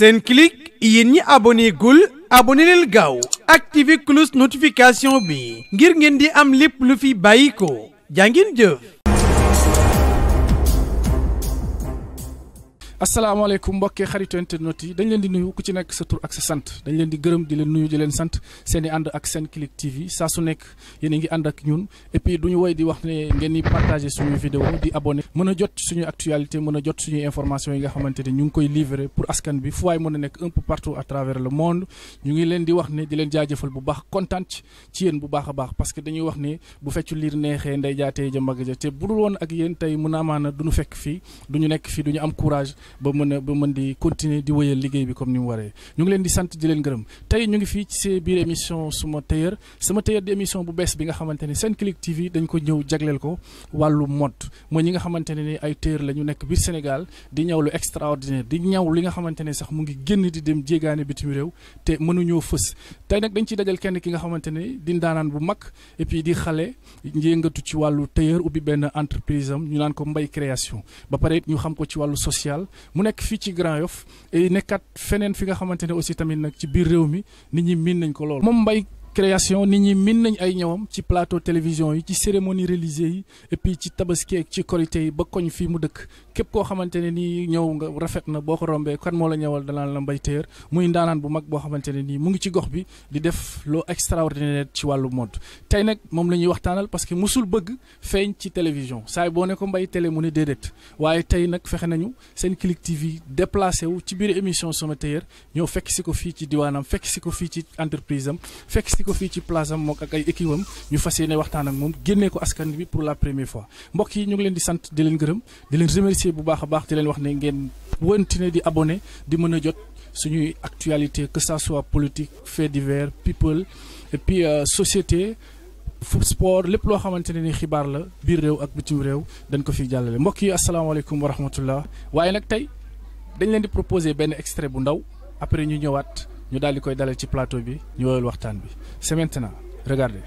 Senclic yéen ñi abonné gul aboni leen gaaw activé cloche notification bi ngir ngeen di am lépp lu fi bàyyi ko jàngin jëf asalaamaaleykum mbokki xaritu internet yi dañ leen di nuyu ku ci nekk sa tur ak sa sant dañ leen di gërëm di leen nuyu di leen sant seen i ànd ak Senclic TV saa su nekk yéen a ngi ànd ak ñun et du ñu woy di wax ne ngeen di partager suñu vidéo di abonné mën a jot suñu actualité mën a jot suñuy information yi nga xamante ne ñu ngi koy livrer pour askan bi fu waay mën a nekk à travers le monde ñu ngi leen di wax ne di leen jaajëfal bu baax kontaan ci yéen bu baax a baax parce que dañuy wax ne bu feccu lii neexee nday jaatee ja mbagg ja te bu dul woon tey mën a amaana duñu fekk fii duñu nekk fii duñu am courage ba mën a ba mën di continuer di wëyal liggéey bi comme ni mu waree ñu ngi leen di sant di leen gërëm tey ñu ngi fii ci seen biir émission suma tailleur sama tailleur di émission bu bees bi nga xamante ne Senclic dañ ko ñëw jagleel ko wàllu mode mooy ñi nga xamante ne ni ay la ñu nekk biir Sénégal di ñaw lu extraordinaire di ñaw li nga xamante ne sax mu ngi génn di dem jéegaane bitim réew te mënuñoo fës tey nag dañ ci dajal kenn ki nga xamante ne di bu mag et puis di xale yëngatu ci wàllu tailleur ubbi benn entreprise am ñu naan ko mbay création ba pare ñu xam ko ci wàllu social mu nekk fii ci Grand Yoff eh, nekkat feneen fi nga xamante ne aussi tamit nag ci biir réew mi nit ñi miin nañ ko lool moom mbay création nit ñi miin nañ ay ñëwam ci plateau télévision yi ci cérémonie réalisée yi et ci tabaski ak ci korité yi ba koñ fii mu dëkk képp koo xamante ne nii ñëw nga rafet na boo ko rombee kan moo la ñëwal danaan la Mbaye Teur muy ndaanaan bu mag boo xamante ne nii mu ngi ci gox bi di def loo extraordinaire ci wàllu mode tey nag moom la ñuy waxtaanal parce que mosul bëgg feeñ ci télévision saay boo ne mbay Mbaye télé mu ne déedéet waaye tey nag fexe nañu Senclic TV déplacé wu ci biir émission Sama Teur ñëw fekk si ko fii ci diwaanam fekk si ko fii ci entreprise am fekk si ko fii ci place am mook ak ay équipe ñu fas yéene waxtaan ak moom génnee ko askan bi pour la première fois mbokk yi ñu ngi leen di sant di leen gërëm remercier bu baax a baax di leen wax ne ngeen wëntine di abonné di mën a jot suñuy actualité que ça soit politique fait divers people et puis euh, société sport lépp loo xamante ne ni xibaar la biir réew ak bitim réew dañ ko fi jàllale mbokk yi asalaamaaleykum wa rahmatullah waaye nag tey dañ leen di proposer benn extrait bu ndaw après ñu ñëwaat ñu daal di koy dalal ci plateau bi ñu woyal waxtaan bi c'est maintenant regardez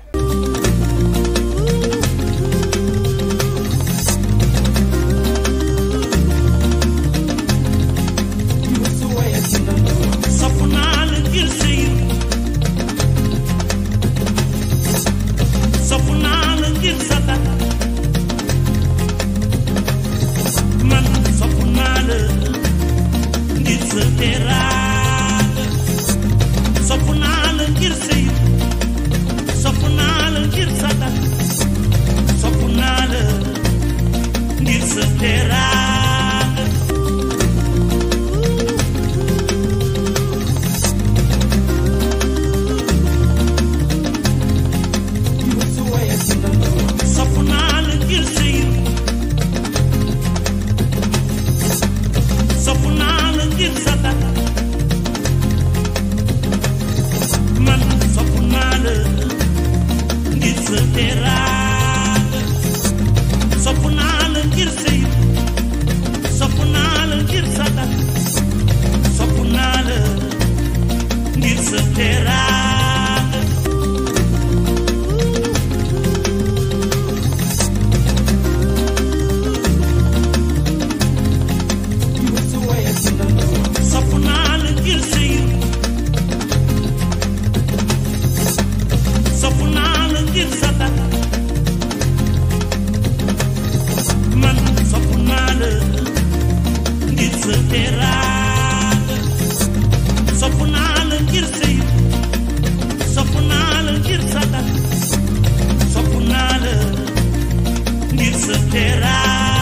se terá.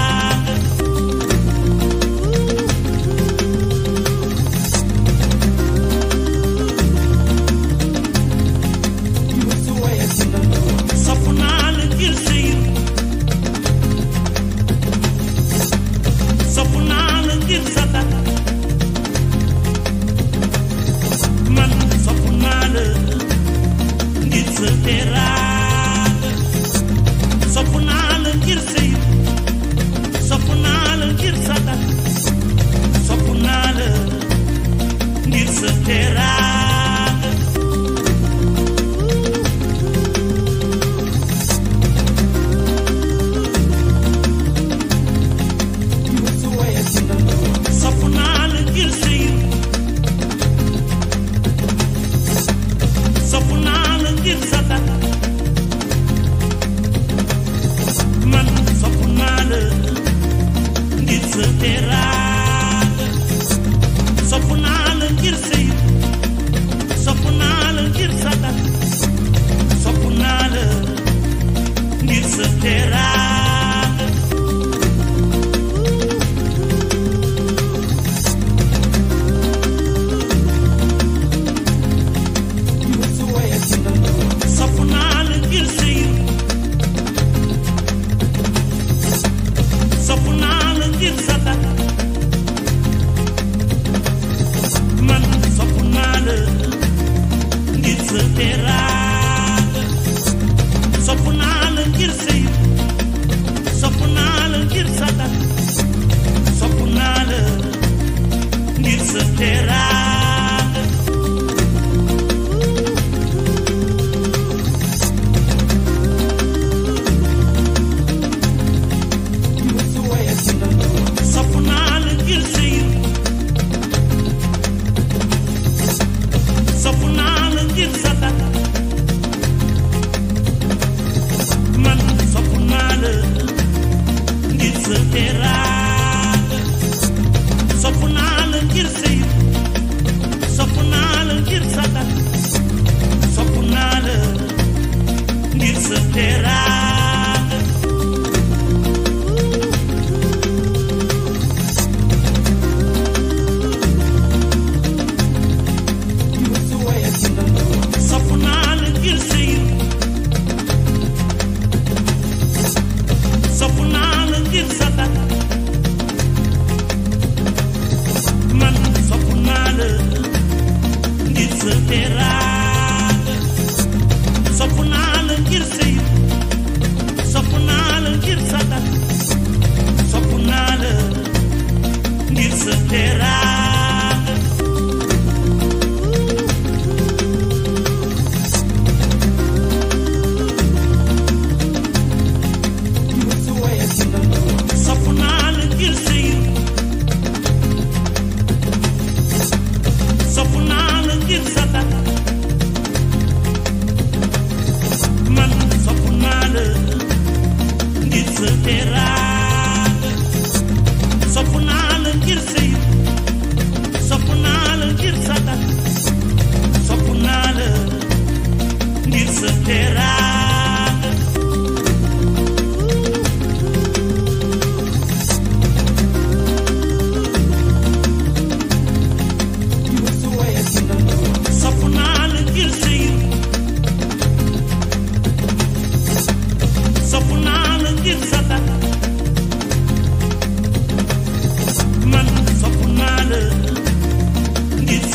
enterrar.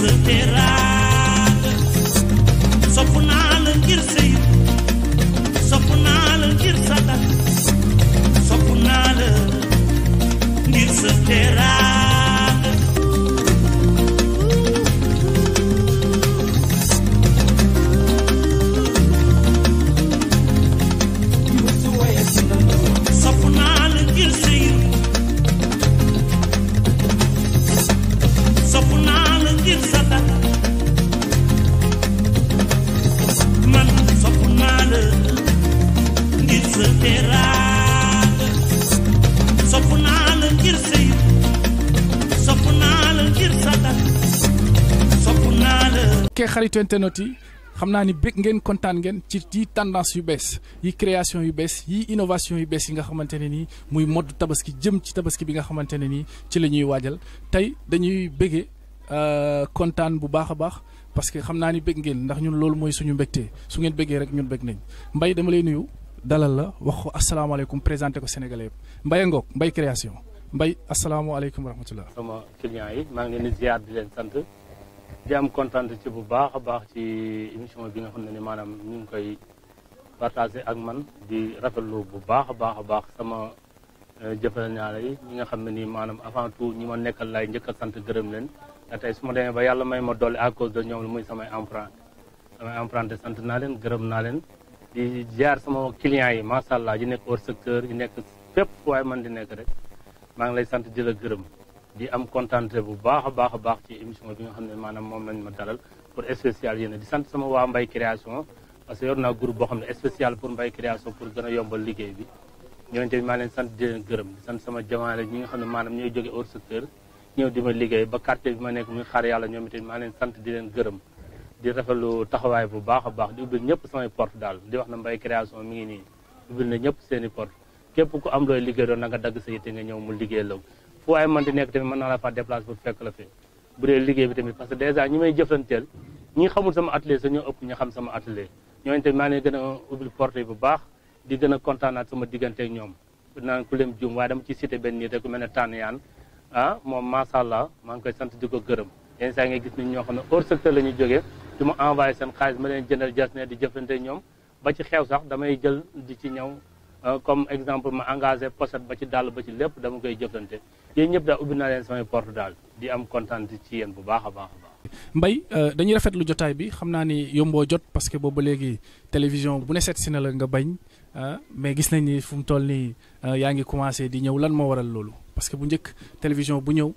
sa teraanga sopp naa la ngir sa yiw sopp naa la ngir sa dal sopp naa la ngir sa teraanga fekkee xaritu internet yi xam naa ni bëgg ngeen kontaan ngeen ci yi tendance yu bees yi création yu bees yi innovation yu bees yi nga xamante ne nii muy mode tabaski jëm ci tabaski bi nga xamante ne nii ci la ñuy waajal tey dañuy bëggee euh, kontaan bu baax a baax parce que xam naa ni bëgg ngeen ndax ñun loolu mooy suñu mbégte su ngeen bëggee rek ñun bëgg nañ mbay dama lay nuyu dalal la wax ko asalaamaaleykum présenté ko Sénégalais yëpp Mbaye Ngok Mbaye création mbay asalaamaaleykum wa rahmatullah sama client yi maa ngi leen di leen sant. di am ci bu baax a baax ci émission bi nga xam ne ni maanaam ñu ngi koy partagé ak man di rafetlu bu baax a baax a baax sama euh, jëfandikoo yi ñi nga xam ne nii maanaam avant tout ñi ma nekkal laay njëkk sant gërëm leen te tey su ma demee ba yàlla may ma dolli à cause de ñoom la muy samay emprunté samay emprunté sant naa leen gërëm naa leen di jaar sama clients yi macha allah yi nekk hors secteur yi nekk fépp waaye man di nekk rek maa ngi lay sant di la gërëm. di am contenté bu baax a baax a baax ci émission bi nga xam ne maanaam moom lañ ma dalal pour spécial yéen di sant sama waa Mbaye création parce que yor naa groupe boo xam ne spécial pour Mbaye création pour gën a yombal liggéey bi ñooñu tamit maa leen sant di leen gërëm di sant sama jamaale ñi xam ne maanaam ñooy jóge hors secteur ñëw di ma liggéey ba quartier bi ma nekk muy xaar yàlla ñoom itamit maa leen sant di leen gërëm di taxawaay bu baax a baax di ubbil ñëpp samay porte daal di wax na Mbaye création mi ngi nii ubbil na ñëpp seeni i porte képp ku am looy liggéey doon na nga dagg sa yitte nga ñëw mu liggéey fu waaye man di nekk tamit mën naa la faa déplacer pour fekk la fi bu dee liggéey bi tamit parce que dèjà ñi may jëflanteel ñi xamul sama atelier sa ñoo ëpp ñu xam sama atelier ñoo tamit maa ngi gën a ubbil porte yi bu baax di gën a kontaanaat sama diggante ak ñoom naan ku leen juum waaye dama ci cité benn nit rek ku mel ne tànn yaan ah moom macha allah maa ngi koy sant di ko gërëm yenn saa ngay gis nit ñoo xam ne hors secteur la ñuy jógee di ma envoyé seen xaalis ma leen jëndal jas ne di jëflante ñoom ba ci xew sax damay jël di ci ñëw Euh, comme exemple ma engagé pochette ba ci dàll ba ci lépp dama koy jëflante yéen ñëpp daal ubbi naa leen samay porte daal di am kontaan ci yéen bu baax a baax a baax. Mbaye euh, dañuy rafetlu jotaay bi xam naa ni yomboo jot parce que boobu léegi télévision bu ne seet si na la nga bañ euh, mais gis nañ ni fu mu toll nii yaa ngi commencé di ñëw lan moo waral loolu parce que bu njëkk télévision bu ñëw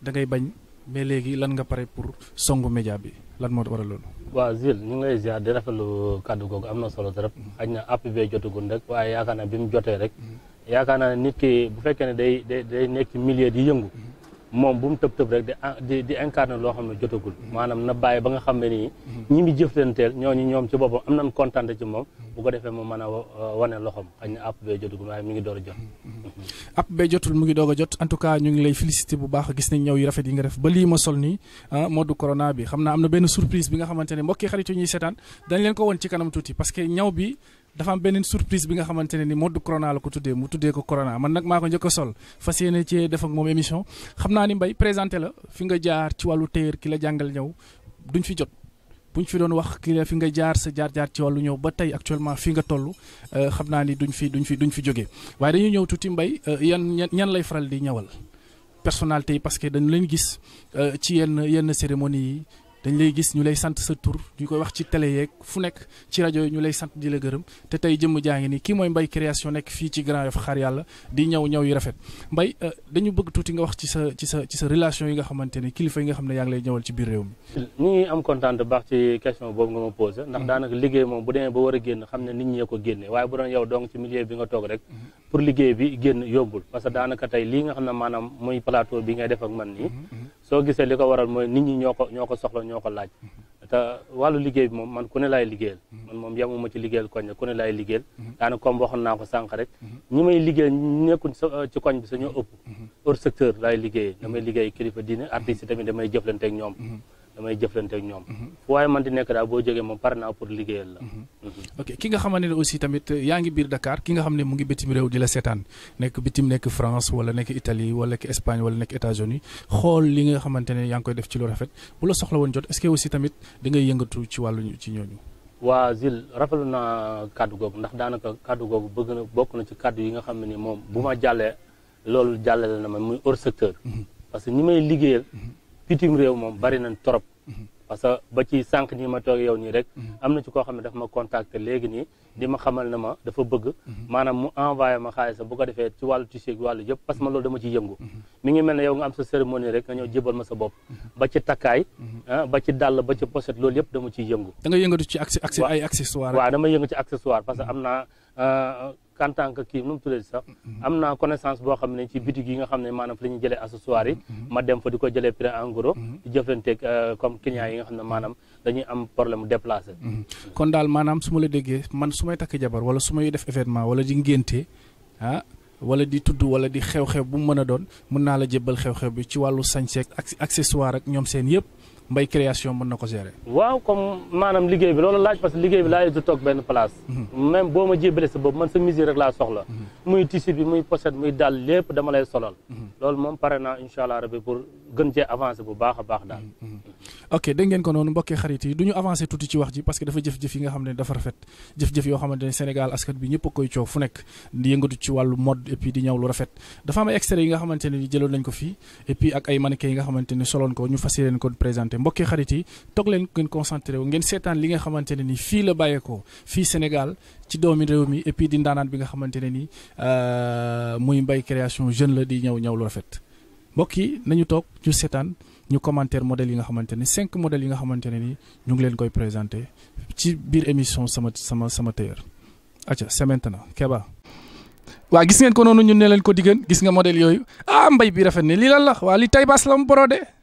da ngay bañ mais léegi lan nga pare pour songu média bi. lan moo waral loolu. waaw Jules ñu ngi lay ziar di rafetlu kàddu googu am na solo trop. Mm-hmm. xaj na app bi jotagul rek waaye yaakaar naa bi mu jotee rek. Mm-hmm. yaakaar naa nit ki bu fekkee ne day day day nekk ci milieu di yëngu. Mm-hmm. moom bu mu tëb tëb rek di di incarné loo xam ne jotagul maanaam na bàyyi ba nga xam ne nii ñi mu jëflanteel ñooñu ñoom ci boppam am nañ kontaan ci moom bu ko defee mu mën a wane loxoom xañ na app bee jotagul waaye mu ngi door jot app bee jotul doog a jot en tout cas ñu ngi lay félicité bu baax gis nañ ñëw yu rafet yi nga def ba lii ma sol nii ah, moo du corona bi xam naa am na benn surprise bi nga xamante ne mbokki xarit yu ñuy seetaan dañ leen ko woon ci kanam tuuti parce que ñaw bi dafa am beneen surprise bi nga xamante ne ni mode corona la ko tuddee mu tuddee ko corona man nag maa ko njëkk sol fa yéene cee defak moom émission xam naa ni mbay présenté la fi nga jaar ci wàllu téer ki la jàngal ñëw duñ fi jot buñ fi doon wax ki la fi nga jaar sa jaar-jaar ci wàllu ñëw ba tey actuellement fi nga toll euh, xam naa ni duñ fi duñ fi duñ fi jógee waaye dañuy ñëw tuuti mbay euh, yan ñan lay faral di ñëwal personnalité yi parce que dañu leen gis euh, ci yenn yenn cérémonie yi dañ lay gis ñu lay sant sa tur ñu koy wax ci télé yeeg fu nekk ci rajo ñu lay sant di la gërëm te tey jëmm jaa ngi nii kii mooy Mbaye Création nekk fii ci Grand Yoff xaar yàlla di ñëw ñëw yu rafet Mbaye euh, dañu bëgg tuuti nga wax ci sa ci sa sa relation yi nga xamante ni kilifa yi nga xam ne yaa ngi lay ñëwal ci biir réew mi. ñu ngi am kontaan baax ci question boobu nga ma posé. ndax mm-hmm. daanaka liggéey moom bu demee ba war a génn xam ne nit ñi ko génne waaye bu doon yow donc ci milieu bi nga toog rek. Mm-hmm. pour liggéey daanaka tey lii nga xam ne maanaam muy plateau bi ngay def ak man nii mm-hmm. soo gisee ñoo ko laaj te wàllu liggéey bi moom man ku ne laay liggéeyal mm-hmm. man moom yemuma ci liggéeyal koñ la ku ne laay liggéeyal mm-hmm. daanaka comme waxoon naa ko sànq rek mm-hmm. ñi may liggéeyal ñi nekkuñ ci koñ bi sañoo ëpp hors secteur laay liggéeyee damay liggéey kilifa diine artistes yi tamit damay jëflante ak ñoom damay jëflante ak ñoom. Mhm. fu waaye man di nekk daal boo jógee moom pare naa pour liggéeyal la. Mhm. Mhm. ok ki nga xamante ne aussi tamit euh, yaa ngi biir Dakar ki nga xam ne mu ngi bitim réew di la seetaan nekk bitim da ngay yëngatu ci wàllu ci ñooñu. waa Zil rafetlu naa kàddu googu ndax daanaka kàddu googu bëgg na bokk na ci kàddu yi nga réew moom bari nañ torop parce que ba ci sànq nii ma toog yow nii rek mhm. am na ci koo xam ne daf ma contacter léegi nii di ma xamal ne ma dafa bëgg mhm. maanaam mu envoyé ma xaalis bu ko defee ci wàllu tissu wàllu yëpp parce que loolu dama ci yëngu mhm. mi ngi mel ne yow nga am sa cérémonie rek nga ñëw jébal ma sa bopp ba ci takkaay ah, ba ci dàll ba ci pochette loolu yëpp dama ciy yëngu da yëngatu ci ay accessoires waaw dama yëngu ci accessoire parce am naa ah, en tant que kii nu mu tuddee sax am naa connaissance boo xam ne ci bitig yi nga xam ne maanaam fi la ñuy jëlee accessoires yi mm-hmm. ma dem fa di ko jëlee prix en gros mm-hmm. di jëflanteeg euh, comme clients yi nga xam ne maanaam dañuy am problème déplacé mm-hmm. kon daal maanaam su ma la déggee man su may takk jabar wala su may def événement wala di ngénte ah wala di tudd wala di xew-xew bu mu mën a doon mën naa la jébbal xew-xew bi ci wàllu sañseek accessoire ak ñoom seen yëpp Mbaye création mën na ko gérer. waaw comme maanaam liggéey bi loolu laaj parce que liggéey bi laaj du toog benn place. Mhm. même boo ma jébalee sa bopp man sa musique rek laa soxla. Mhm. muy tissu bi muy pochette muy daal lépp dama solol solal. Mhm. loolu moom pare naa incha allah rabi pour gën cee avancer bu baax a baax dal ok dégg ngeen ko noonu mbokkee xarit yi du ñu avancé tuuti ci wax ji parce que dafa jëf-jëf yi nga xam ne dafa rafet jëf-jëf yoo xamante Sénégal askan bi ñëpp a koy coow fu nekk di yëngatu ci wàllu mode et puis di ñaw lu rafet dafa am extrait yi nga xamante ne jëloon nañ ko fii et ak ay mannequin yi nga xamante ne soloon ko ñu fas leen ko présenté mbokkee xarit yi toog leen ngeen concentré wu ngeen seetaan li nga xamante ne ni fii la bàyyeekoo fii Sénégal ci doomi réew mi et puis di bi nga xamante ne ni euh, muy Mbaye Création jeune la di ñëw ñaw lu rafet mbokk yi nañu toog ñu seetaan ñu commentaire modèle yi nga xamante ni cinq modèles yi nga xamante ne ni ñu ngi leen koy présenté ci biir émission sama sama sama tailleur acca c'est maintenant Keba waa gis ngeen ko noonu ñun ne leen ko diggéen gis nga model yooyu ah mbay bi rafet ne lii lan la waa li tay baas la mu borodee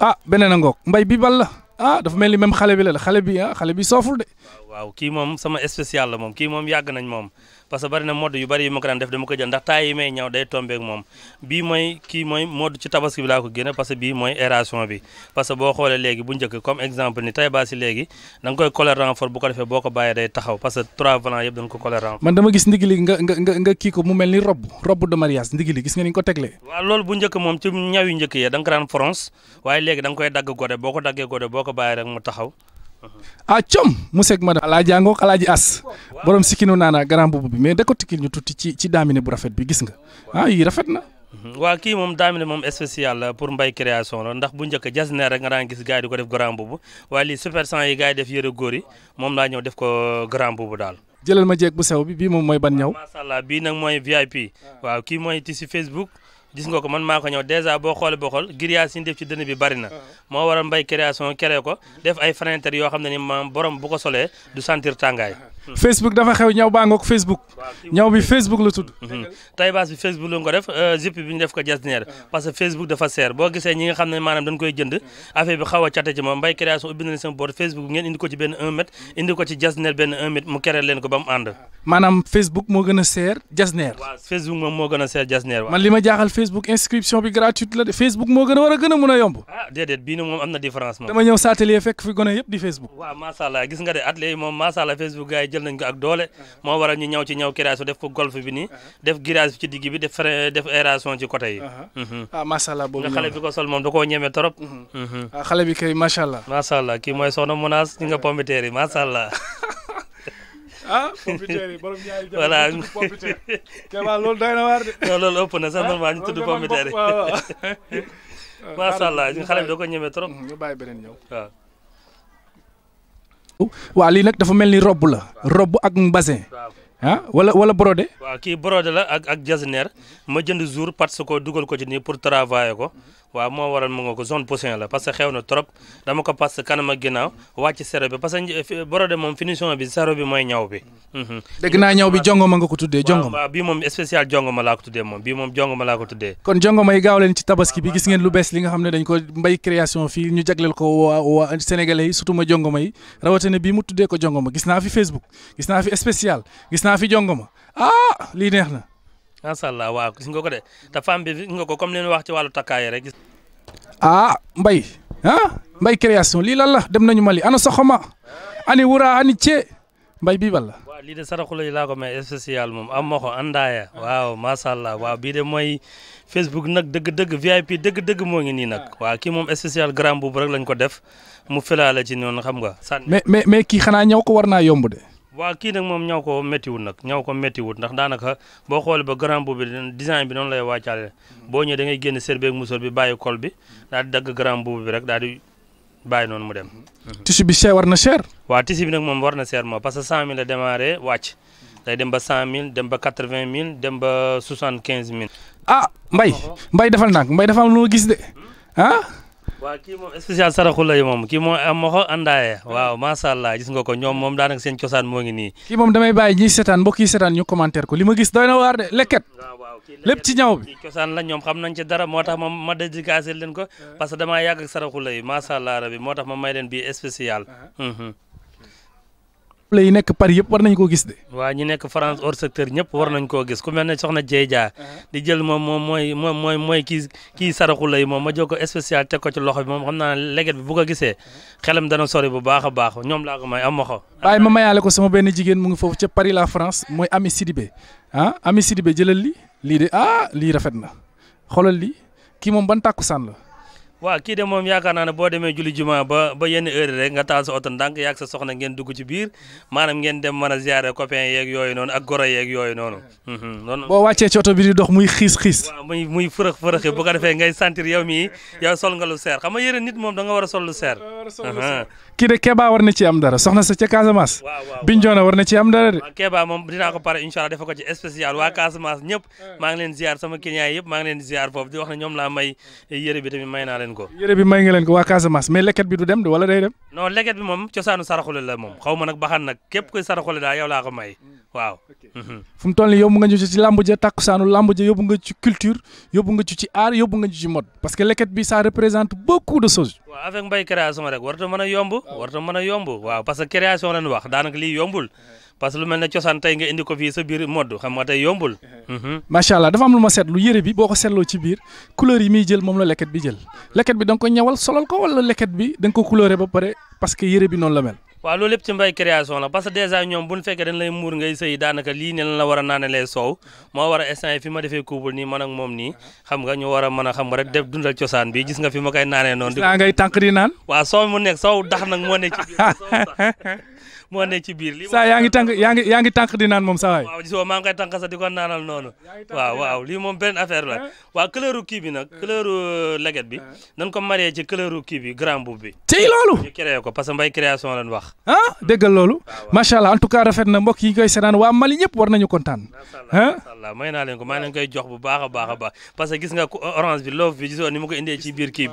ah beneen a ngoog mbay bi bal la ah dafa mel ni même xale bi la la xale bi ah xale bi sooful de. waaw kii moom sama spécial la moom kii moom yàgg nañ moom parce que bari na modd yu bari yi ma ko daan def dama ko jël ndax taay yi may ñaw day tombeek moom bii mooy kii mooy modd ci tabaski bi laa ko génne parce bii mooy aération bi parce boo xoolee léegi bu njëkk comme exemple ni tay baa si léegi da koy dagg godé boo ko daggee godé boo ko bàyyee rek mu taxaw ah com mu seeg madame alaaji àngook alaaji as borom sikkinu naana grand boobu bi mais da ko tikkil ñu tuuti ci ci daamine bu rafet bi gis nga ah yii rafet na mhm. waaw kii moom daamine moom spécial la pour mbay création la ndax bu njëkk jas neer rek nga daan gis gars yi ko def grand boobu waaye super sang yi gars def yëre góor moom laa ñëw def ko grand boobu daal jëlal ma jeeg bu sew bi bii moom mooy ban ñëw bii nag mooy VIP waaw kii mooy ti Facebook gis nga ko man maa ko ñëw dèjà boo xoolee boo xool grillage yi ñu ci dënn bi bari na ah. moo waral mbay création créé ko def ay fenêtre yoo xam ne ni maam borom bu ko solee du sentir tàngaay ah. Facebook dafa xew ñaw baa ngoog Facebook. ñaw bi Facebook la tudd. Mhm. tay baas bi Facebook la ko def jupe euh, bi ñu def ko jasneer ah. parce que Facebook dafa seer boo gisee ñi nga xam ne maanaam dañ koy jënd mhm. affaire bi xaw a ci moom moo gën a seer jasneer. waaw man li ma jaaxal Facebook inscription bi gratuite la de Facebook moo gën a war a gën a mun a yomb. ah bii nag moom am na différence moom. dama ñëw saa atelier fekk fi gone yëpp di Facebook. waaw gis nga jël nañ ko ak doole uh-huh. moo waral ñu ñaw ci ñaw kirage def ko golf bi nii uh-huh. def girage bi ci digg bi def frein def aération ci côté yi uh-huh. mm-hmm. ah macha allah boobu xale bi ko sol moom da koo ñeme trop mm-hmm. Mm-hmm. Ah, xale bi kay macha allah macha allah kii mooy soxna nga ah, na waar de non loolu ëpp na sax ah, xale bi da ko ñeme trop ñu bàyyi beneen waaw lii nag dafa mel ni robb la robb ak mbasin ah wala wala brodé. waaw kii brodé la ak ak jasneer ma jënd jour parce que dugal ko ci ni pour travailler ko waaw moo waral mu nga ko zone poussin la parce que xew na trop dama ko pass kanam ak ginnaaw wàcc sero bi parce que borode moom finition bi sero bi mooy ñaw bi. Mhm. dégg naa ñaw bi jongoma nga ko tuddee jongoma. bi bii moom spécial jongoma laa ko tuddee moom bii ko tuddee. kon jongoma yi gaaw leen ci tabaski bi gis ngeen lu bees li nga xam ne dañ ko mbay création fii ñu jagleel ko waa waa sénégalais yi surtout ma jongoma yi rawatina bii mu tuddee ko jongoma gis naa fi Facebook gis naa fi spécial gis naa fi jongoma ah lii neex macha allah waaw gis nga ko de te femme bi gis nga ko comme li ñu wax ci wàllu takkaay mbay ah mbay ah, création lii lan la dem nañu Mali ana soxama ani wura ani cee mbay bii bal la. waaw lii de saraxula yi laa ko may spécial moom am ma ko àndaaya waaw macha allah waaw bii de mooy Facebook nag dëgg-dëgg VIP dëgg-dëgg moo ngi nii nag waaw kii moom spécial grand boobu rek lañ ko def mu filaale ci noonu xam nga. mais mais mais kii xanaa ñëw ko war naa yomb de. waaw kii nag moom ñaw ko méttiwul nag ñaw ko méttiwul ndax daanaka boo xoolee ba grand boubou bi design bi noonu lay wàccaale hmm. boo ñëwee da ngay génn serbe ak musóor bi bàyyi col bi hmm. daal dagg grand boubou bi rek daal di bàyyi noonu mu dem. Hmm. tissu bi cher war na cher. waaw tissu bi nag moom war na cher moom parce que 100000 la démarré wàcc day dem ba mille dem ba vingt mille dem ba 75000. ah Mbaye oh, oh. Mbaye defal nag Mbaye dafa am lu ma gis waa kii moom spécial saraxula yi moom kii moom am maxo àndaaye waaw macha allah gis nga ko ñoom moom daanaka seen cosaan moo ngi nii kii moom damay bàyyi ñiy seetaan mbokk yi seetaan ñu commentaire ko li ma gis doy na waar de lekket lépp ci ñaw bi cosaan la ñoom xam nañ ci dara moo tax ma ma dédicacé leen ko eh. parce que damaa yàgg ak saraxula yi macha allah rabi moo tax ma may leen bii spécial eh. mhm. play yi nekk Paris yëpp war nañ koo gis de. waaw ñi nekk France hors secteur ñëpp war nañ koo gis ku mel ne soxna Dieye jaa di jël moom moom mooy moom mooy mooy kii kii saraxu lay moom ma jóg ko spécial teg ko ci loxo bi moom xam naa leget léget bi bu ko gisee xelam dana sori bu baax a baax ñoom laa ko may am ma ko. waaye ma mayaale ko sama benn jigéen mu ngi foofu ca Paris la France mooy Ami Sidibé ah Ami Sidibé jëlal li lii de ah lii rafet na xoolal li kii moom ban tàkkusaan la. waaw kii de moom yaakaar naa ne boo demee julli juma ba ba yenn heure rek nga taal sa oto ndànk yaag sa soxna ngeen dugg ci biir maanaam ngeen dem mën a ziare copain yeeg yooyu noonu ak mhm, boo wàccee ci bi di dox muy xiis xiis. waaw muy muy fërëx fërëxi bu ko defee ngay sentir yow mii yow sol nga lu seer xam nga nit moom da nga a sol lu seer. Mhm. kii de Keba war na ci am dara soxna sa ca Casamance. waaw war na ci am dara de. Keba moom dinaa ko pare incha leen ko yére bi may nga leen ko waa Casamance mais leket bi du dem wala day dem non leket bi moom cosaanu saraxule la moom xaw ma nag baxan nag képp koy saraxule daal yow laa ko may waaw mhm. fu mu toll nga ñu ci làmb ja tàkkusaanu làmb ja yóbbu nga ci culture yóbbu nga ci ci art yóbbu nga ci mode parce que leket bi ça représente beaucoup de choses waaw avec création rek warta mën a yomb warta mën a yomb parce que création lañ wax daanaka lii yombul parce que lu mel ne cosaan tey nga indi ko fii sa biir modd xam nga tey yombul. Eh. Mhm. macha allah dafa am lu ma seetlu yëre bi boo ko seetloo ci biir couleur yi muy jël moom la leket bi jël leket bi da nga ko ñawal solal ko wala leket bi da nga ko couleur ba pare parce que yëre bi noonu la mel. waaw loolu lépp ci mbay création la parce que déjà ñoom bu ñu fekkee dañ lay muur lii ne la war a naane lay soow moo war a instant fi ma defee couple nii man ak moom nii xam war a mën a xam nga rek def dundal cosaan bi gis nga fi ma koy naanee noonu. di ngay tànk di naan. waaw soow mu nekk soow moo ne ci biir. lii saa yaa ngi tànk yaa ngi yaa ngi di naan moom saa waay. waaw gisoo maa ngi koy tànk sax di ko naanal noonu. waaw waaw lii benn affaire la eh? waaw couleur kii bi nag eh? couleur leget bi eh? nañ ko marié ci couleur kii bi grand boubou bi. loolu. ñu créé ko parce que mbay création lañ wax. Ah, loolu. macha allah en tout cas na mbokk yi koy seetaan waa Mali ñëpp war nañu kontaan. macha allah may naa leen ko maa leen koy jox bu baax a baax a baax parce que gis nga orange bi loof bi gisoo ni ma ko indee ci biir kii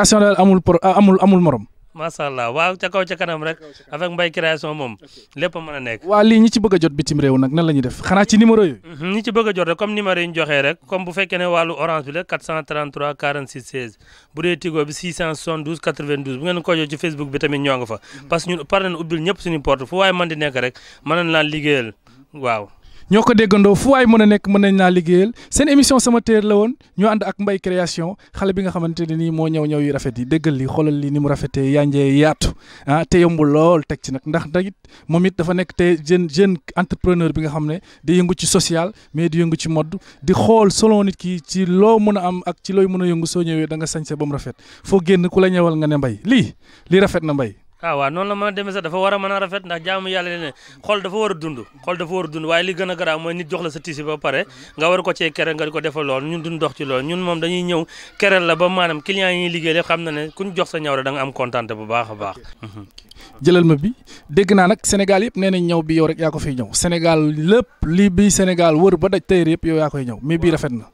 ah, amul amul amul macha allah waaw ca kaw ca kanam rek avec Mbaye création moom lépp a a nekk. waa lii ñi ci bëgg a jot bitim réew nag nan la ñuy def xanaa ci numéro yooyu. Mhm, ñi ci bëgg a jot rek comme numéro yi ñu joxee rek comme bu fekkee ne wàllu orange bi la 433 46 16 bu dee Tigo bi 672 92 bu ngeen ko jot ci Facebook bi tamit ñoo nga fa. Mhm. parce que ñun par nañ ubbil ñëpp suñu porte fu waaye mën di nekk rek mën nañ laan liggéeyal mhm. waaw. ñoo ko déggandoo fu waay mën a nekk mën nañ naa liggéeyal seen émission sama téer la woon ñoo ànd ak Mbaye Création xale bi nga xamante ne nii moo ñëw ñëw yu rafet yi déggal xoolal li ni mu rafetee yanjee yaatu ah te yomb lool teg ci nag ndax dagit moom it dafa nekk te jeune jeune entrepreneur bi nga xam ne di yëngu ci social mais di yëngu ci modd di xool solo nit ki ci loo mën a am ak ci looy mën a yëngu soo ñëwee da nga sañse ba mu rafet foo génn ku la ñëwal nga ne mbay lii li rafet na mbay ah waaw noonu la mën a demee sax dafa war a man a rafet ndax jaamu yàlla ne xol dafa war a dund xol dafa war a dund waaye li gën a garaaw mooy nit jox la sa tiisi ba pare nga war ko cee kere nga di ko defal lool ñun duñ dox ci lool ñun moom dañuy ñëw kerel la ba maanaam client yi ñuy liggéey lépp xam na ne kuñ jox sa ñaw rek da nga am kontaan bu baax a baax. Mhm. jëlal ma bi dégg naa nag Sénégal yëpp nee nañ ñëw bi yow rek yaa ko fiy ñëw Sénégal lépp lii bi Sénégal wër ba daj tey yëpp yow yaa koy ñëw mais bii rafet na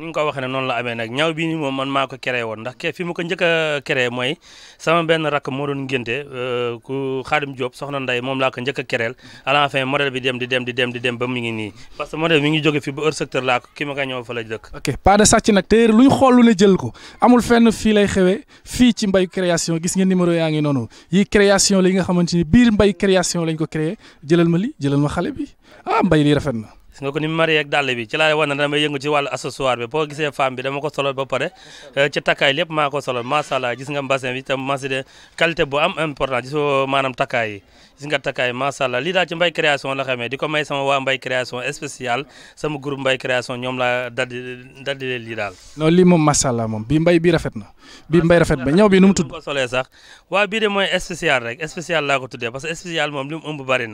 ni nga ko waxee ne noonu la amee nag ñaaw bii nii moom man maa ko créé woon ndax ke fi mu ko njëkk a créé mooy sama benn rakk moo doon ngénte euh, ku Xaadim Diop soxna Nday moom laa ko njëkk a créé à la fin modèle dem di dem di dem ba mu ngi nii parce que modèle mi ngi jóge fi ba heure secteur laa ko ki ma ko ñëw fa la dëkk. ok pas de sàcc nag téer lu ñu xool lu ne jël ko amul fenn fii lay xewee fii ci mbay création gis ngeen numéro yaa ngi noonu yi création li nga xamante ni biir mbay création lañ ko créé jëlal ma li jëlal ma xale bi ah, mbay li rafet na gis nga ko ni mu marié dàll bi ci laa wan na damay yëngu ci wàllu accessoire bi boo gisee femme bi dama ko solol ba pare euh, ci takkaay lépp maa ko solol macha allah gis nga mbasin bi tam maside qualité bu am important gisoo maanaam takkaay yi gis nga takkaay macha allah lii daal ci mbay création la xamee di ko may sama waa mbay création spécial sama groupe mbay création ñoom laa daldi lii daal. non lii moom macha moom bii mbay bii rafet na. bii mbay rafet ba ñëw bi nu mu tudd. ko solee sax waa bii de mooy spécial rek spécial laa ko tuddee parce que spécial moom li mu ëmb bari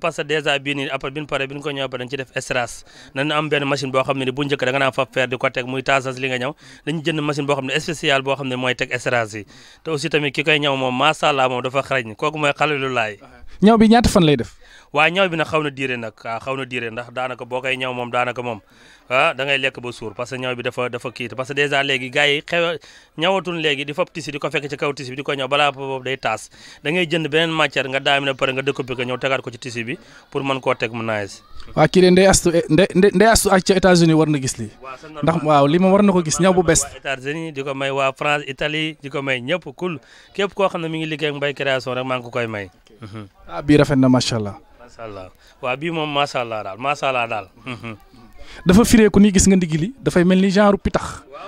parce que dèjà bii nii après bi paree bi ko ñëw ba dañ ci def strass nañ am benn machine boo xam ne bu ñaw bi ñaata fan lay def. waa ñaw bi na xaw na diire nag ah, xaw na diire ndax daana ka boo koy ñaw moom daanaka moom ah da lekk ba suur parce que ñaw bi dafa dafa kiit parce que dèjà léegi gars yi xew léegi di fab tisi di ko fekk ci kaw tisi bi di ko ñaw balaa boobu day taas da jënd beneen matière nga daamine pare nga découpé ko ñëw tegaat ko ci tisi bi pour mën koo teg mu naagis waaw kii eh, war na gis lii ndax war na ko gis ñaw bu bees di ko may waa France Italie di ko may ñëpp kul képp koo xam ne mi ngi liggéey ak mbay création rek maa ngi ko koy may ah bii rafet na macha allah macha allah waaw bii moom macha allah daal macha allah daal mhm. dafa fireeku nii gis nga ndigg dafay mel ni genre pitax.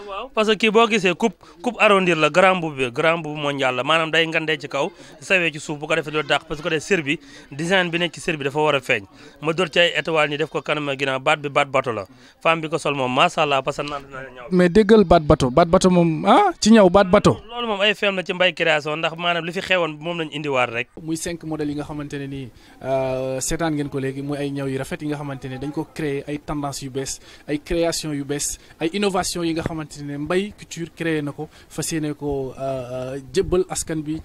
waaw waaw kii boo gisee coupe coupe arrondir la grand boubou bi grand boubou mondial la maanaam day ngandee ci kaw sawee ci suuf bu defee doo dàq parce que de sër bi nekk ci sër dafa war feeñ ma door ci ay étoile ni def ko kanam ginnaaw baat bi baat bato la femme bi ko sol moom macha allah parce que ñaw mais déggal baat bato baat bato moom ah ci ñaw baat bato. loolu moom ay feem yu bees ay création yu bees ay innovation yi nga xamante ne mbay culture créé na ko fas yéene ko euh, euh, jébbal askan bi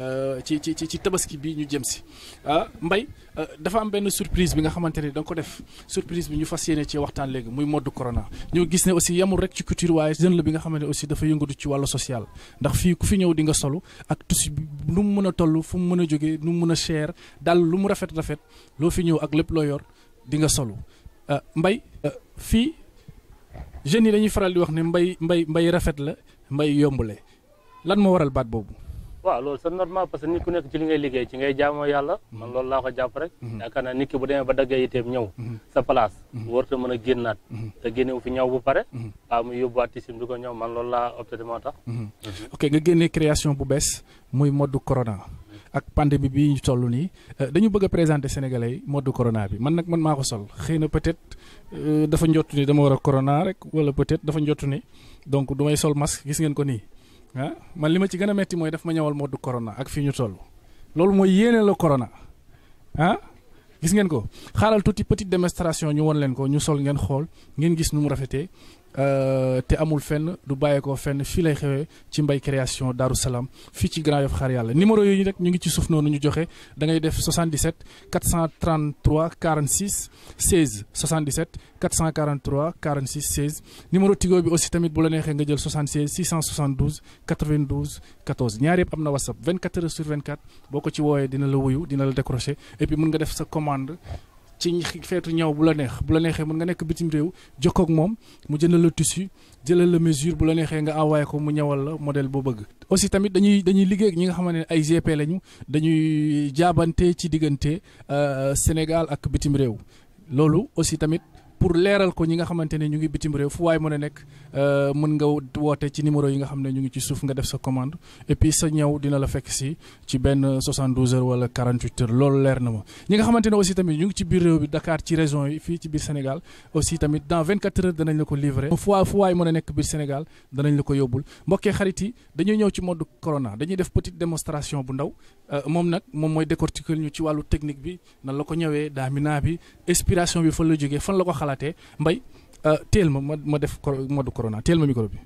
euh, ci ci ci ci tabaski bi ñu jëm si ah Mbaye dafa am benn surprise bi nga xamante ne da ko def surprise bi ñu fas yéene ci waxtaan léegi muy mode corona ñoo gis ne aussi yamul rek ci couture waaye jeune la bi nga xamante ne aussi dafa yëngatu ci wàllu social ndax fii ku fi ñëw dinga nga solo ak bi lu mu mën a toll fu mu mën a jógee nu mu mën a cher daal lu mu rafet rafet loo fi ñëw ak lépp loo yor di nga solo. Euh, mbay euh, fii jeunes yi dañuy faral di wax ne mbay mbay mbay rafet la mbay yombule lan moo waral baat boobu. waaw loolu sa normal parce que nit ku nekk ci li ngay liggéey ci ngay jaamoo yàlla mhm. man loolu laa ko jàpp rek mhm. yaakaar naa nit ki bu demee ba daggee itam ñëw mhm. sa war te mën a génnaat te génnewu fi ñaw bu pare waaw muy yóbbuwaat tisim di ko ñëw man loolu laa opté moo tax ok nga génnee création bu bees muy mode corona ak pandémie bi ñu toll nii euh, dañu bëgg présenter sénégalais yi mode corona bi man nag man maa ko sol xëy na peut-être euh, dafa njottu ni dama war a corona rek wala peut-être dafa njottu ni donc du may sol masque gis ngeen ko nii ah man li ma ci gën a metti mooy daf ma ñëwal mode corona ak fii ñu toll loolu mooy yéene la corona ah gis ngeen ko xaaral tuuti petite démonstration ñu won leen ko ñu sol ngeen xool ngeen gis nu mu rafetee Euh, te amul fenn du bàyyeekoo fenn fii lay xewee ci mbay création Darou Salaam fii ci Grand Yoff xaar yàlla numéro yooyu rek ñu ngi ci suuf noonu ñu joxe da ngay def 77 433 46 16 77 443 46 16 numéro Tigo bi aussi tamit bu la neexee nga jël 76 672 92 14 ñaar yëpp am na WhatsApp 24 heures sur 24 boo ko ci wooyee dina la wuyu dina la décrocher et puis mun nga def sa commande. ci feetu ñaw bu la neex bu la neexee mën nga nekk bitim réew jokkoo ak moom mu jëndal la tissu jëlal la mesure bu la neexee nga envoyé ko mu ñawal la model boo bëgg. aussi tamit dañuy dañuy liggéey ak ñi nga xam ne ay GP lañu dañuy jaabante ci diggante euh, Sénégal ak bitim réew loolu aussi tamit. pour leeral ko ñi nga xamante ne ñu ngi bitim réew fu waay mën a nekk euh, mën nga woote ci numéro yi nga xam ne ñu ngi ci suuf nga def sa commande et puis sa ñëw dina la fekk si ci benn 72 heures wala 48 loolu leer na ma ñi nga xamante ne aussi tamit ñu ngi ci biir réew bi Dakar ci région yi fii ci biir Sénégal aussi tamit dans 24 heures la ko livrer fu waay fu waay mën a nekk biir Sénégal danañ la ko yóbbul mbokkee xarit yi dañuy ñëw ci mode corona dañuy def petite démonstration euh, moom mooy décortiquer ñu ci wàllu technique bi bi inspiration xalaatee mbay euh, teel ma ma ma def modu corona teel ma micro bi.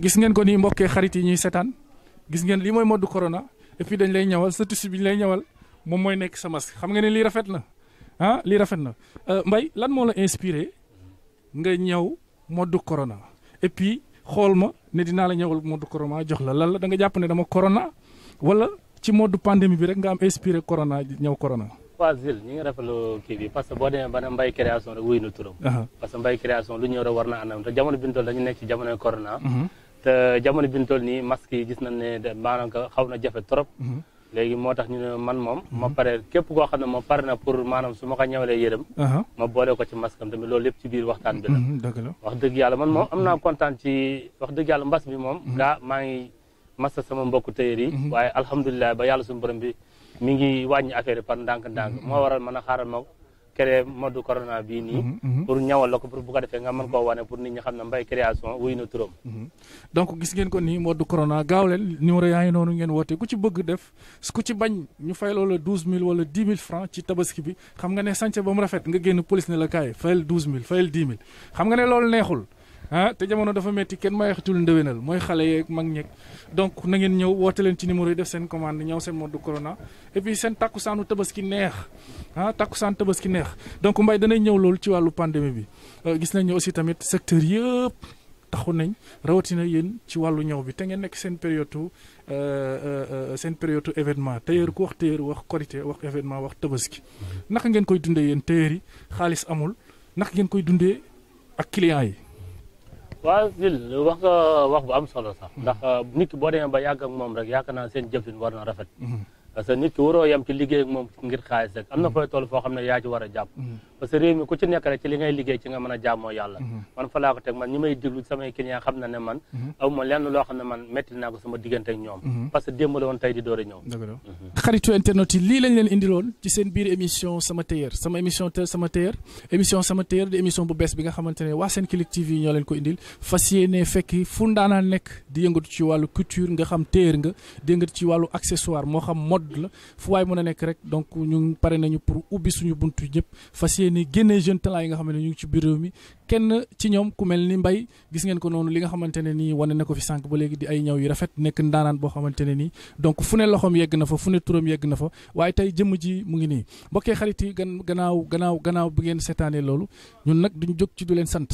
gis ngeen ko nii mbokkee xarit yi ñuy setaan gis ngeen lii mooy moddu corona et dañ lay ñawal sa tissu bi ñu lay ñawal moom mooy nekk sa masque xam nga ne lii rafet na ah lii rafet na euh, Mbaye lan moo la inspiré nga ñëw moddu corona et puis xool ma ne dinaa la ñëwal moddu corona jox la lan la da nga jàpp ne dama corona wala ci moddu pandémie bi rek nga am inspiré corona ñëw corona. waaw Zil ngi rafetlu kii bi parce que boo demee ba ne mbay création rek wuy na turam. parce mbay création lu ñëw rek war na anam te jamono bi ñu dañu nekk ci jamono corona. Mhm. te jamono bi ñu nii masque yi gis nañ ne maanaam xaw na jafe trop. Mhm. léegi moo tax ñu ne man moom mhm. ma pare képp koo xam ne moom pare na pour maanaam su ma ko ñawalee yërëm ma boole ko ci maskam tamit loolu lépp ci biir waxtaan bi na mhm, wax dëgg yàlla man moom am naa mhm. kontaan ci wax dëgg yàlla mbas mi moom gaa maa ngi massa sama mbokku téyër yi waaye alhamdulilah ba yàlla suñu borom bi mi ngi wàññi affaire yi par ndànk-ndànk moo waral mën a xaaral créé mode corona bii nii. Mhm, mhm. pour ñawal la ko pour bu defee nga mën koo wane pour nit ñi xam ne mbay création wuy na turam. Mhm, donc gis ngeen ko nii mode corona gaaw leen numéro yaa ngeen woote ku ci bëgg def ku ci bañ ñu fay loola douze mille wala dix mille franc ci tabaski bi xam nga ne sànce ba rafet nga génn police ne la kaay fayal douze mille fayal dix mille xam nga ne loolu neexul. ah te jamono dafa métti kenn mayaxatul ndëwénal mooy xale yeeg mag ñeeg donc na ngeen ñëw woote leen ci numéro yi def seen commande ñëw seen mode corona et puis seen takkusaanu tabaski neex ah takkusaan tabaski neex donc mbay danay ñëw loolu ci wàllu pandémie bi euh, gis nañu aussi tamit secteur yëpp taxu nañ rawatina yéen ci wàllu ñëw bi te ngeen nekk seen période euh, euh, seen période événement tailleur ku wax tailleur wax korité wax événement wax tabaski mhm. naka ngeen koy dundee yéen tailleur xaalis amul naka ngeen koy dundee ak clients yi. waaw Zil wax nga wax bu am solo sax ndax mm-hmm. euh, nit ki boo demee ba yàgg ak moom rek yaakaar naa seen jëfin war na rafet mm-hmm. parce que nit ki waroo yem ci liggéey ak moom ngir xaalis rek am na mm-hmm. fooy toll foo xam ne yaa ci war a jàpp parce que réew mi ku ci nekk rek ci li ngay liggéey ci nga mën a jaamoo yàlla mhm. man fa laa ko teg man ñi may déglu samay client xam na ne man mhm. aw lenn loo xam ne man metti naa ko sama diggante ñoom mhm. parce que démb la woon tey di door a ñëw xaritu internet yi lii lañ leen indiloon ci seen biir émission sama tailleur sama émission sama tailleur émission sama tailleur di émission bu bees bi nga xamante ne waa Senclic TV yi ñoo leen ko indil fas yéene leen di jeune talent yi nga xam ne ñu ngi ci biir mi kenn ci ñoom ku mel ni mbay gis ngeen ko noonu li nga xamante ne nii wane na ko fi sànq ba léegi di ay ñaw yu rafet nekk ndaanaan boo xamante ne nii donc fu ne loxoom yegg na fa fu ne turam yegg na fa waaye tey jëmm ji mu ngi nii mbokkee xarit yi gan gannaaw gannaaw gannaaw bi ngeen seetaanee loolu ñun nag duñ jóg ci du leen sant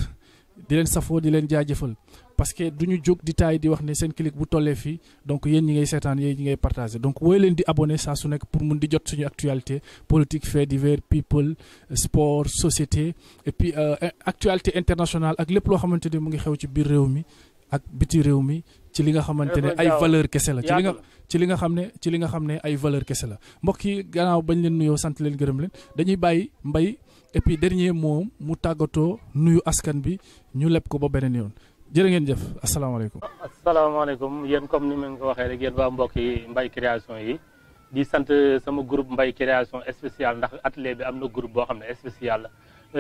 di leen safoo di leen jaajëfal parce que du ñu jóg di taay di wax ne Senclic bu tollee fii donc yéen ñi ngay seetaan yéen ñi ngay partagé donc wooy leen di abonné saa su nekk pour mun di jot suñu actualité politique fait divers people sport société et puis euh, actualité internationale ak lépp loo xamante ne mu ngi xew ci biir réew mi ak biti réew mi ci li nga xamante ne ay valeur kese la ci li nga ci li nga xam ne ci li nga xam ne ay valeur kese la mbokk yi gannaaw bañ leen nuyoo sant leen gërëm leen dañuy bàyyi mbay et dernier moom mu tàggatoo nuyu askan bi ñu leb ko ba beneen yoon jërë ngeen jëf asalaamaaleykum. asalaamaaleykum yéen comme ni ma nga ko waxee rek yéen waa mbokk yi mbay création yi di sant sama groupe mbay création spécial ndax atelier bi am na groupe boo xam ne spécial la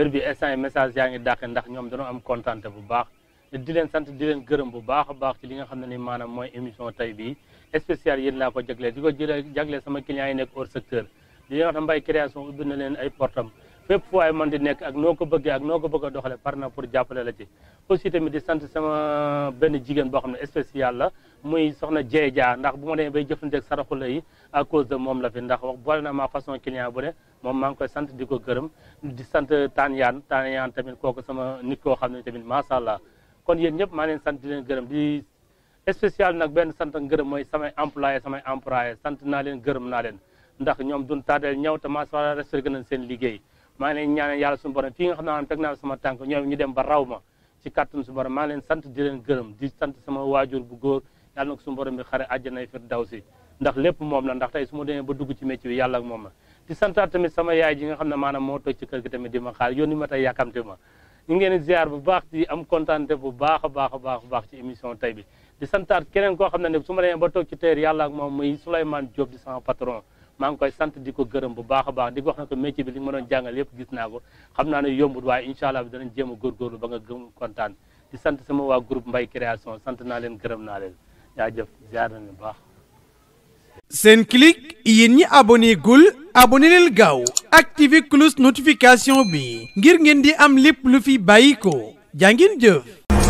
heure bi instant message yaa ngi dàqe ndax ñoom dañoo am kontante bu baax di leen sant di leen gërëm bu baax a baax ci li nga xam ne ni maanaam mooy émission tey bii spécial yéen naa ko jagleel di ko jëlee jagleel sama clients yi nekk hors secteur li nga xam ne mbay création ubbi na leen ay portam fépp waaye man di nekk ak noo ko bëggee ak noo ko bëgg a doxalee par na pour jàppale la ci aussi tamit di sant sama benn jigéen boo xam ne spécial la muy soxna Dieye Dia ndax bu ma demee bay jëflanteeg saraxula yi à cause de moom la ndax wax boole na ma façon client bu ne moom maa ngi koy sant di ko gërëm di sant Taniyaan Taniyaan tamit kooku sama nit koo xam ne tamit macha allah kon yéen ñëpp maa leen sant di leen gërëm di spécial nag benn sant ak gërëm mooy samay employé samay employé sant naa leen gërëm naa leen ndax ñoom duñ tardeel ñëw te macha allah respecté nañ seen liggéey maa ngi leen ñaanal yàlla suñu borom fii nga xam ne maanaam teg naa sama tànk ñoom ñu dem ba raw ma ci kàttan suñu maa ngi leen sant di leen gërëm di sant sama waajur bu góor yàlla na ko suñu borom bi xare àjjanay firdawsi ndax lépp moom la ndax tey su ma demee ba dugg ci métier bi yàlla ak moom la di santaat tamit sama yaay ji nga xam ne maanaam moo toog ci kër gi tamit di ma xaar yónni ma tey yàkkamte ma ñu ngi leen ziar bu baax di am kontaante bu baax a baax a baax a baax ci émission tey bi di santa keneen koo xam ne ne su ma demee ba toog ci teer yàlla ak moom muy Souleymane Diop di sama patron maa ngi koy sant di ko gërëm bu baax a baax di wax na ko métier bi li nga ma doon jàngal yëpp gis naa ko xam naa ne yombut waaye incha allah bi danañ jéem a góorgóorlu ba nga gëm kontaan di sant sama waa groupe Mbaye Création sant naa leen gërëm naa leen yaa jëf ziar na leen baax Senclic yéen ñi abonné gul abonné leen gaaw activé cloche notification bi ngir ngeen di am lépp lu fi bàyyi ko jàngin jëf